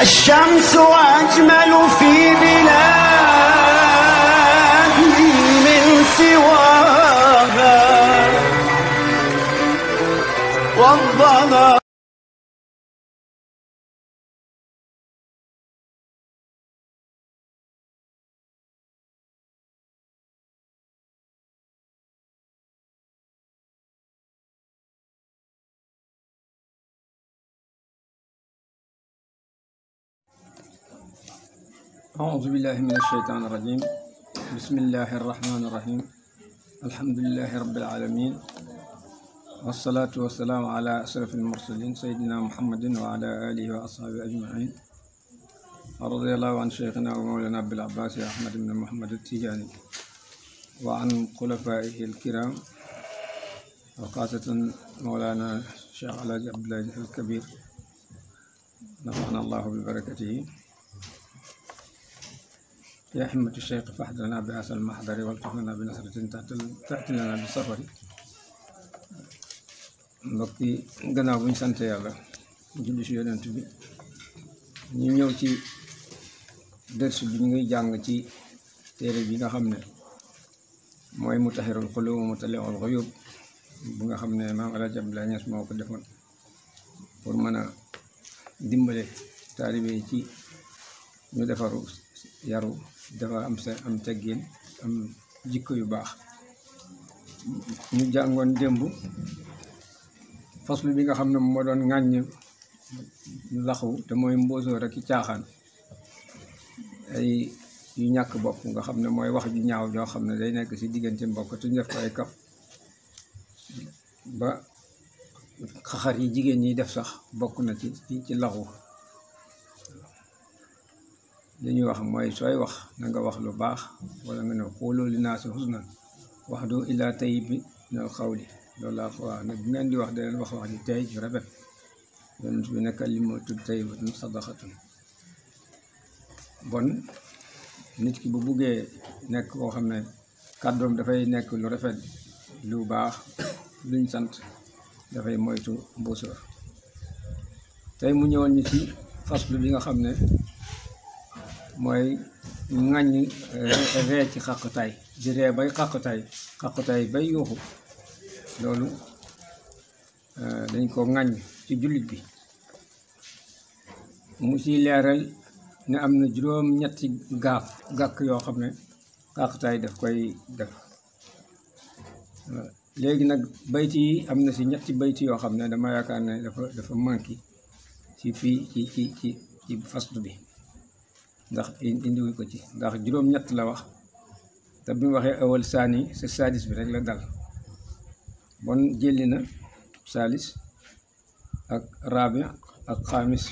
الشمس أجمل في بلادي من سواها والظلام أعوذ بالله من الشيطان الرجيم بسم الله الرحمن الرحيم الحمد لله رب العالمين والصلاة والسلام على أشرف المرسلين سيدنا محمد وعلى آله وأصحابه أجمعين رضي الله عن شيخنا ومولانا أبي العباس أحمد بن محمد التجاني وعن خلفائه الكرام وخاصة مولانا الشيخ علاج عبد الله الكبير نفعنا الله ببركته يا حمة الشيخ فحد لنا بعسى المحضر والتفنا بنصرة تحت لنا بالصفر نبقي قنا بن سنت يا الله جل شيء لن تبي نيو تي درس بنيجي جانغ تي تيري بنا خمنا موي متحر القلوب ومتلع الغيوب بنا خمنا ما على جبل ناس ما وقدفون فرمنا دمبلة تاريبي تي ندفعه يارو dafa am sa am teggin am jikko yu baax ñu jàngoon démb faslu bi nga xam ne moo doon ŋàññ laxu te mooy mbóosóor ak i caaxaan ay yu ñàkk bopp nga xam ne mooy wax ju ñaaw joo xam ne day nekk si diggante mbokk te ñu def ko kaf ba xaxar yi jigéen ñi def sax bokk na ci ci laxu li ñuy wax mooy sooy wax na nga wax lu baax wala nga ne xuulu li naa si xusnan wax du illaa tayib bi xaw xawli loolu laa ko wax nag bu ngeen di wax da leen wax wax ju tey ju rafet yonent bi nekk li mu tudd bon nit ki bu buggee nekk koo xam ne kàddoom dafay nekk lu rafet lu baax luñ sant dafay moytu mbuusóor tey mu ñëwoon ñu ci faslu bi nga xam ne mooy ŋàññi eh, ree ci xàqtaay di ree bay xàqtaay xàqtaay bay yuuxu loolu eh, dañ ko ŋàññ ci jullit bi mu ci leeral ne am na juróom ñetti gaaf gàkk yoo xam ne xàqtaay daf koy def léegi nag bayti yi am na si ñetti bayti yoo xam ne dama yaakaar ne dafa dafa manqué ci fii ci ci ci ci bi ndax indiwu ko ci ndax juróom-ñett la wax te bi waxee awal saani sa saalis bi rek la dal bon jëli na saalis ak raabi ak xaamis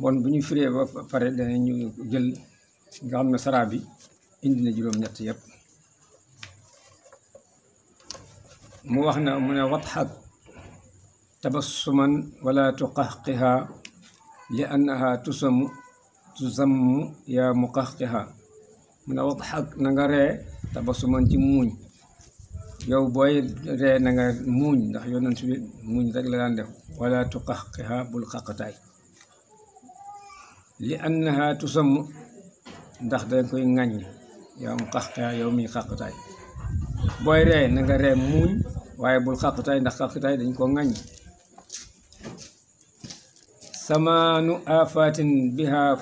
bon bu ñu firee ba pare danañu jël nga xam ne saraa bi indi na juróom-ñett yëpp mu wax na mu ne wat xak tabassuman wala tuqahqiha li annaha tusamu tusammu yaa muqahqiha mun a wadhak na nga ree tabassuman ci muuñ yow booy ree na nga muuñ ndax yonent bi muuñ rek la daan def wala tuqahqiha bul xaqataay li annaha tusamu ndax dañ koy ŋàññ yaa muqahqiha yow miy xaqataay booy ree na nga ree muuñ waaye bul xaqataay ndax xaqataay dañ koo ŋàññ samaanu afatin biha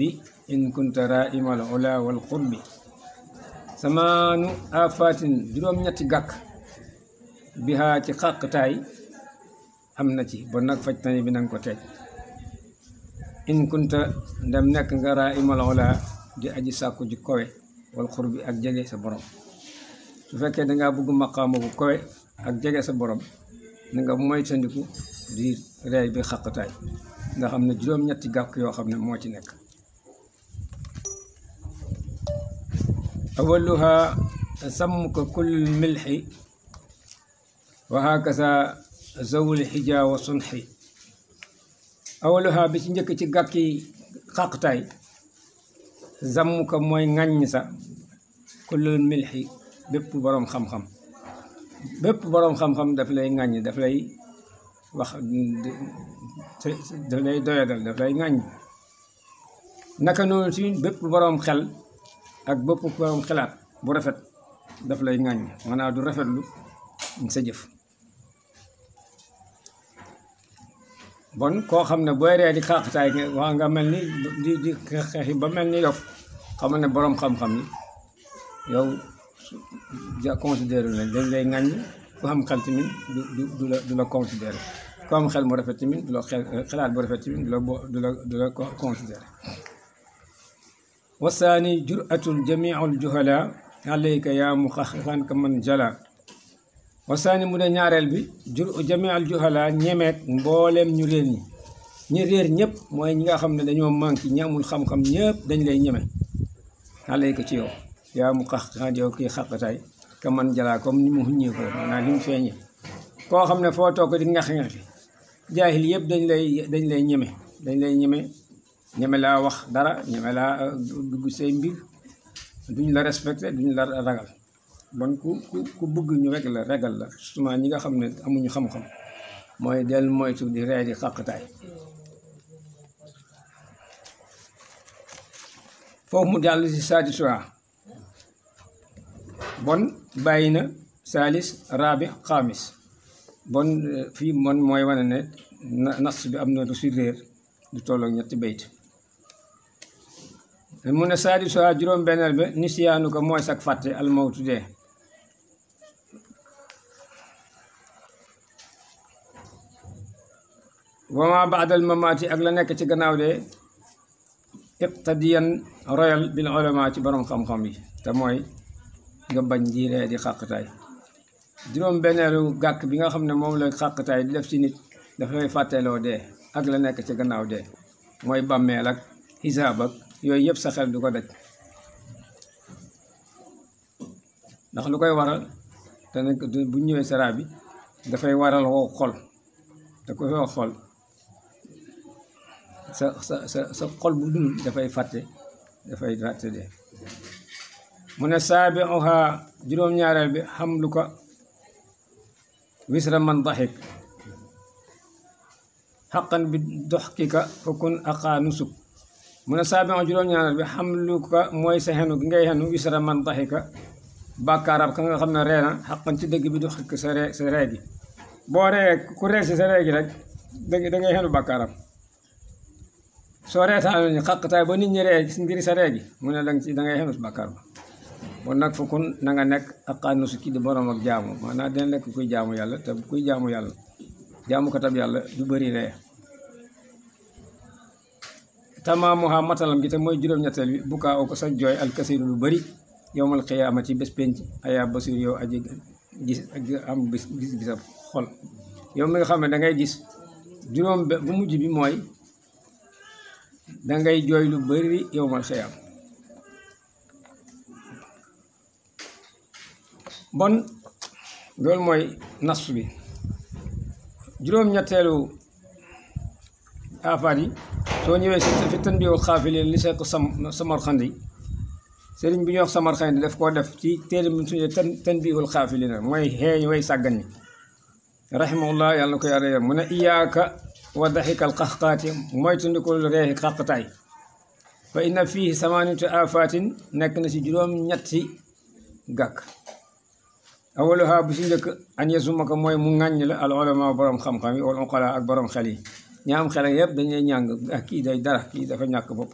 bi in kunta raimal ola gàkk biha ci xàqtaay am na ci bon nag fajtani bi nanga ko teej in kunta ndam nekk nga raimal ola ji kowe wal qurbi ak jege sa su fekkee dangaa bëgg maqaama bu kowe ak jege sa borom na nga moytandiku di reey bi xàqtaay ndaxam xam ne juróom-ñetti gàkk yoo xam ne moo ci nekk awaluha sammuka kullul milxi wa hakasa zawul xija sunxi awaluha bi ci njëkk ci gàkk yi xaqtaay ko mooy ŋàññ sa kullul milxi bépp boroom xam-xam bépp boroom xam-xam daf lay ŋàññ daf lay wax daf lay doyadal daf lay ŋàññ naka noonu si bépp boroom xel ak bépp boroom xelaat bu rafet daf lay ŋàññ maanaam du rafetlu sa jëf bon koo xam ne booy ree di xaaxataay nga mel ni di ba mel ni yof xamal ne boroom xam-xam yi yow ja considéré leen dañ lay ŋàññ ku xam xel tamit du du du la du ku xel mu rafet tamit du la xel xalaat bu rafet tamit du la bo du la du la considéré wasaani juratul jamiul juhala alayka yaa mu xaxan ka man jala wasaani mu ne ñaareel bi jur jamiul juhala ñemeet mbooleem ñu ñëpp mooy ñi nga xam ne dañoo manqué ñi amul xam-xam dañ lay ñeme alayka ci yow yaa mu xaxan yow kii ka man jalaa comme ni mu xuññee ko maanaam feeñee koo xam ne foo toog di ngax ngaxi jaahil yëpp dañ lay dañ lay ñeme dañ lay ñeme ñeme laa wax dara ñeme laa euh, dugg say mbir duñ la respecté duñ la ragal bon ku ku ku bëgg ñu rek la ragal la surtout ñi nga xam ne amuñu xam-xam mooy del moytu di ree di xàqtaay foofu mu jàll si saadis waa bon bàyyi na saalis raabi xaamis bon fi mon moy wane ne nas bi am na lu ci réer du tolloog ñetti beyt mu ne saadi a juroom benel be nisiyaanu ko moy sak fàtte almawtu dee wama baadal mamaati ak la nekk ci gannaaw de iqtadiyan royal bil ulama ci borom xam-xam yi te mooy nga bañ jiiree di xàqtaay juróom-benneelu gàkk bi nga xam ne moom la xàqtaay di def ci nit dafay lay fàtteeloo dee ak la nekk ci gannaaw de mooy bàmmeel ak xisaab ak yooyu yëpp sa xel du ko daj ndax lu koy waral te nag bu ñëwee sara dafay waral wow xol te ku wow xol sa sa sa xol bu dul dafay fàtte dafay fàtte dee mu ne saabi oxaa juróom-ñaareel bi xam lu ko wisra man dhahik haqqan bi dhahkika fakun nusuk mu ne saabion juróom-ñaanal bi hamluka moy sa xenu ngay xenu wisra man dhahika bàkkaarab ka nga xamna reena haqqan ci deug bi doxkika sa re sa re gi bo re ku re si sa re gi rek da ngay ba nit ñi ci ngir sa re gi ci da ngay kon nak fu kon na nga nek ak xaanu su ci di borom ak jaamu man dina nek kuy jaamu yalla te kuy jaamu jaamu katam yalla du re tamamu ha matalam gi te moy juróom ñettal bi buka ko sa al alkasiru lu beuri yowmal xiyaamati bés penc aya basir yow aji gis ak am bis gis gisab xol yow mi nga xamne da ngay gis juróom bu mujj bi moy da ngay joy lu beuri yowmal qiyamati bon lol moy nas bi juroom ñettelu afani so ñewé ci si fi tanbiihul xaafili li seeku sam khandi sëriñ bi ñu wax khandi def ko def ci téré mu suñu tan tanbiihul xaafili na mooy xeeñ way sagan ñi rahimahullah yàlla na ko yàlla yar mu ne iyaaka wa daxikal xaxqaati mooy tundikul reexi xaqtaay fa inna fii samaaniyatu aafaatin nekk na juróom-ñetti أولها بسنجة أن يسمك موي مغاني العلماء برام خام خامي أو العقلاء أكبرام خالي نعم خالي يب دنيا نيانغ نعم أكيد أي دار أكيد أفن نعم ياك بوب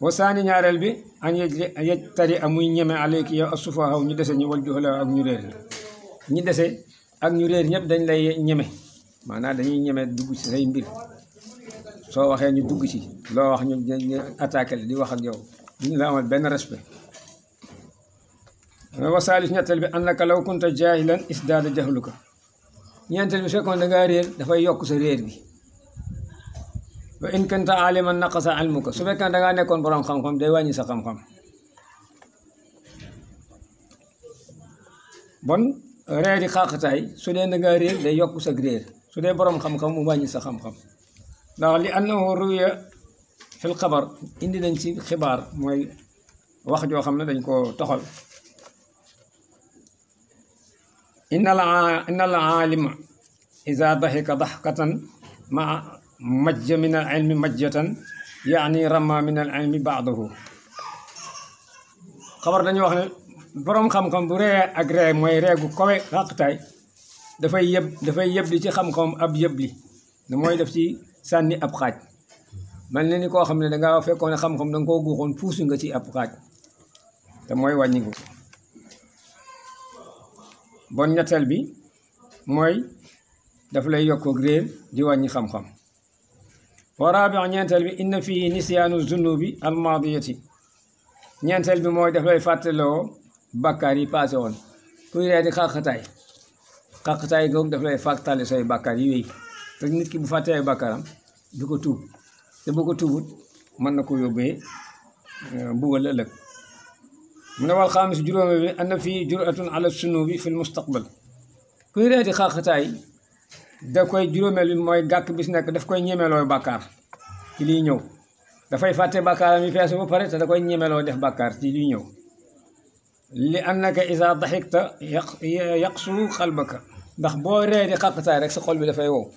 وساني نعر البي أن يجري يتري أموي نيما عليك يا أصفاها ونيدسي نيوال نعم جهلا أك نيرير نيدسي أك نيرير نيب دن لأي نيما معنا دن نيما دوغي سيسي مبير سوا وخي نيو دوغي سي لو وخي نيو أتاكل دي وخي نيو دن لامال بين رسبي وسالس نتل بأنك لو كنت جاهلا إسداد جهلك نتل بسكون نغارير دفع يوك سرير بي وإن كنت عالما نقص علمك سبا كان دغا نكون برام خم خم ديواني سخم خم بون ريري خاقتاي سودي نغارير دي يوك سرير سودي برام خم خم مباني سخم خم لأنه لأنه روية في القبر عندنا نسيب خبار موي واخد جو خمنا دنكو تخل إن إن العالم إذا ضحك ضحكة مع مج من العلم مجة يعني رمى من العلم بعضه xabar dañuy wax ne boroom xam-xam bu ree ak ree mooy ree gu kowe xaqtaay dafay yëb dafay yëb li ci xam-xam ab yëb li da mooy def ci sànni ab xaaj man ne ni koo xam ne dangaa fekkoon ne xam-xam danga koo guuxoon puusu nga ci ab xaaj te mooy wàññiku bon ñettal bi mooy daf lay yokk réer di wañi xam xam-xam wa rabi' ñettal bi inna fii nisyaanu zunubi madiyati ñettal bi moy daf lay fatelo bakari passé won woon kuy ree di xaxataay xaxataay googu daf lay fàttali say bàkkaar yi wéy te nit ki bu faté ay bàkkaaram du ko tuub te bu ko tuubut man na ko yóbbee mbugal ëlëk من أول خامس جروم أن في جرأة على السنوب في المستقبل كل هذه خاختاي دا كوي جروم اللي ما يجاك بس نك دا كوي نيمة لو بكار تلي نيو دا في فاتي بكار مي فيها سبب فرد دا كوي نيمة لو ده بكار تلي نيو لأنك إذا ضحكت يق يقصو قلبك دا بوري دي خاختاي رك سقول بلا فيو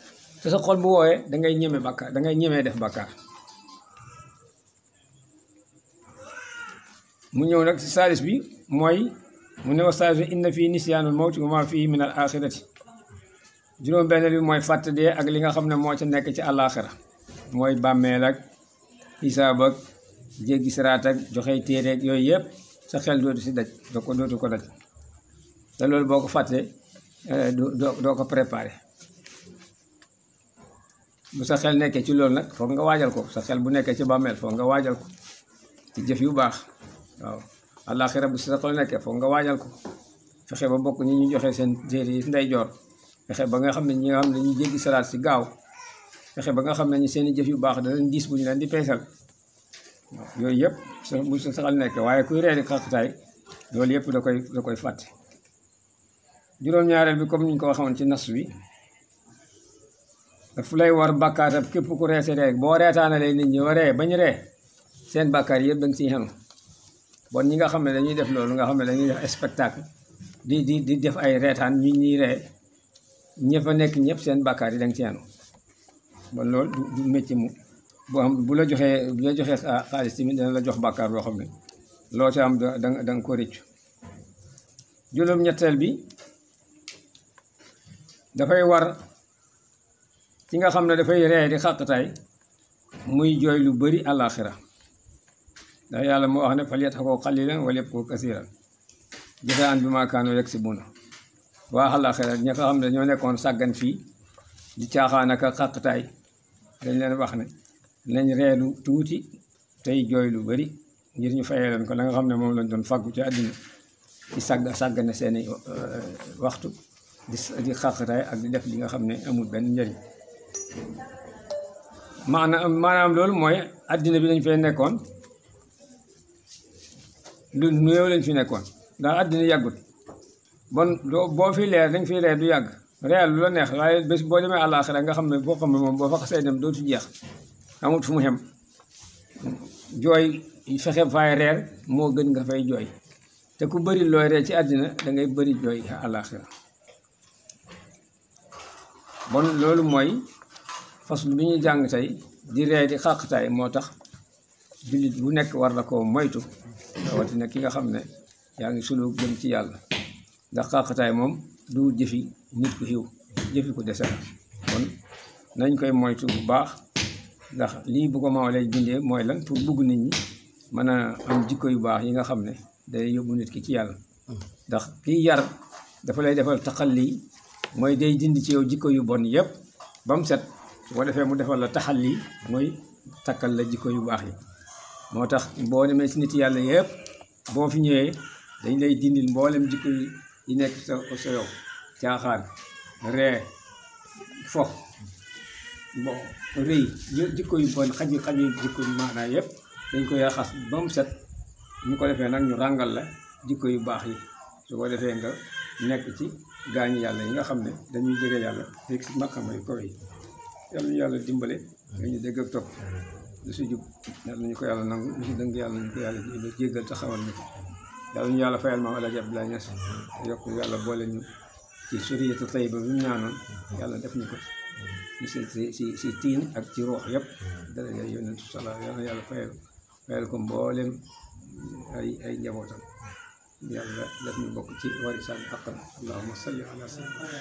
تسقول بوه دا كوي نيمة بكار دا كوي نيمة ده بكار mu ñëw nag si saalis bi mooy mu ne wa saalis bi inna fii nisyaanul moo wa maa fii min al axirati juróom benn bi mooy fàtte dee ak li nga xam ne moo ca nekk ci àllaaxira mooy bàmmeel ak xisaab ak jéggi siraat ak joxe téere ak yooyu yëpp sa xel dootu si daj doo ko dootu ko daj te loolu boo ko fàttee eh, doo ko préparé bu sa xel nekkee ci loolu nag foog nga waajal ko sa xel bu nekkee ci bàmmeel foog nga waajal ko ci jëf yu baax waaw àllaaxira bu si sa xol nekkee foog nga waajal ko fexe ba bokk ñi ñu joxe seen téere yi ndeyjoor fexe ba nga xam ne ñi nga xam ne ñu jéggi salaat si gaaw fexe ba nga xam ne ñu seen i jëf yu baax danañ diis bu ñu leen di peesal waaw yooyu yëpp bu sa xol nekkee waaye kuy reeri xaqtaay loolu yëpp da koy da koy fàtte juróom-ñaareel bi comme ni ñu ko waxoon ci nas wi daf lay war bàkkaatab képp ku reese rek boo reetaanalee nit ñi waree bañ ree seen bàkkaar yëpp dañ nga siy bon ñi nga xam ne dañuy def loolu nga xam ne dañuy def spectacle di di di def ay reetaan ñu ñuy ree ñëf a nekk ñëpp seen bàkkaar yi da nga ci yanu bon lool du métti mu bu am bu la joxee bu la joxee xaalis tamit dana la jox bàkkaar loo xam ne loo ca am da nga da nga ko rëccu juróom-ñetteel bi dafay war ci nga xam ne dafay ree di xàqtaay muy jooy lu bëri àllaaxira ndax yàlla moo wax ne fal yadhaku qalilan wa liyabku kasiran jazaa'an bimaa kaanu yaksibuun waa àllaaxira ñi nga xam ne ñoo nekkoon sàggan fii di caaxaan ak xàqtaay dañ leen wax ne nañ reelu tuuti tey jooy lu bari ngir ñu fayee leen ko la nga xam ne moom lañ doon fàggu ci àddina di sàgg sàggane seeni uh, waxtu di di xàqtaay ak di def li nga xam ne amul benn njëriñ maanaam maanaam loolu mooy àddina bi lañ fay nekkoon du néew lañ fi nekkoon ndax àddina yàggut bon boo fi leer dañ fi leer du yàgg reer lu la neex waaye bés boo demee àllaaxira nga xam ne boo xam ne moom boo fa xasee dem dootu jeex amut fu mu xem jooy fexe fay reer moo gën nga fay jooy te ku bëri looy reer ci àddina dangay ngay bëri jooy àllaaxira bon loolu mooy fas bi ñuy jàng tey di reer di xàqtaay moo tax jullit bu nekk war na koo moytu rawatina ki nga xam ne yaa ngi sulu jëm ci yàlla ndax xaaxataay moom du jëfi nit ku xiw jëfi ku dese kon nañ koy moytu bu baax ndax lii bu ko maawalee bindee mooy lan pour bugg nit ñi mën a am jikko yu baax yi nga xam ne day yóbbu nit ki ci yàlla ndax kiy yar dafa lay defal taxalli mooy day dindi ci yow jikko yu bon yëpp ba mu set su ko defee mu defal la taxalli mooy takkal la jikko yu baax yi moo tax boo demee ci nit yàlla yëpp boo fi ñëwee dañ lay dindil mboolem jikko yi nekk sa sa yow caaxaan ree fo bon rëy jikko yu bon xaj yi xaj yi jikko yu maanaa yëpp dañ koy raxas ba mu set ñu ko defee nag ñu ràngal la jikko yu baax yi su ko defee nga nekk ci gaañu yàlla yi nga xam ne dañuy jege yàlla fekk si maqama yu kaw yi yàlla ñu dimbale dañu dégg ak topp lu si jub yàlla nañu ko yàlla nangu lu si dëng yàlla nañu ko yàlla jéggal te xamal ñu ko yàlla ñu yàlla fayal maam Alaaji Abdoulaye Niass yokk yàlla boole ñu ci suriyatu tayyiba bi mu ñaanoon yàlla def na ko si si si tiin ak ci ruux yëpp daraja yonentu sala yàlla yàlla fayal fayal ko mboolem ay ay njabootam yàlla def ñu bokk ci wari saan xaqan allahuma salli ala sayyidina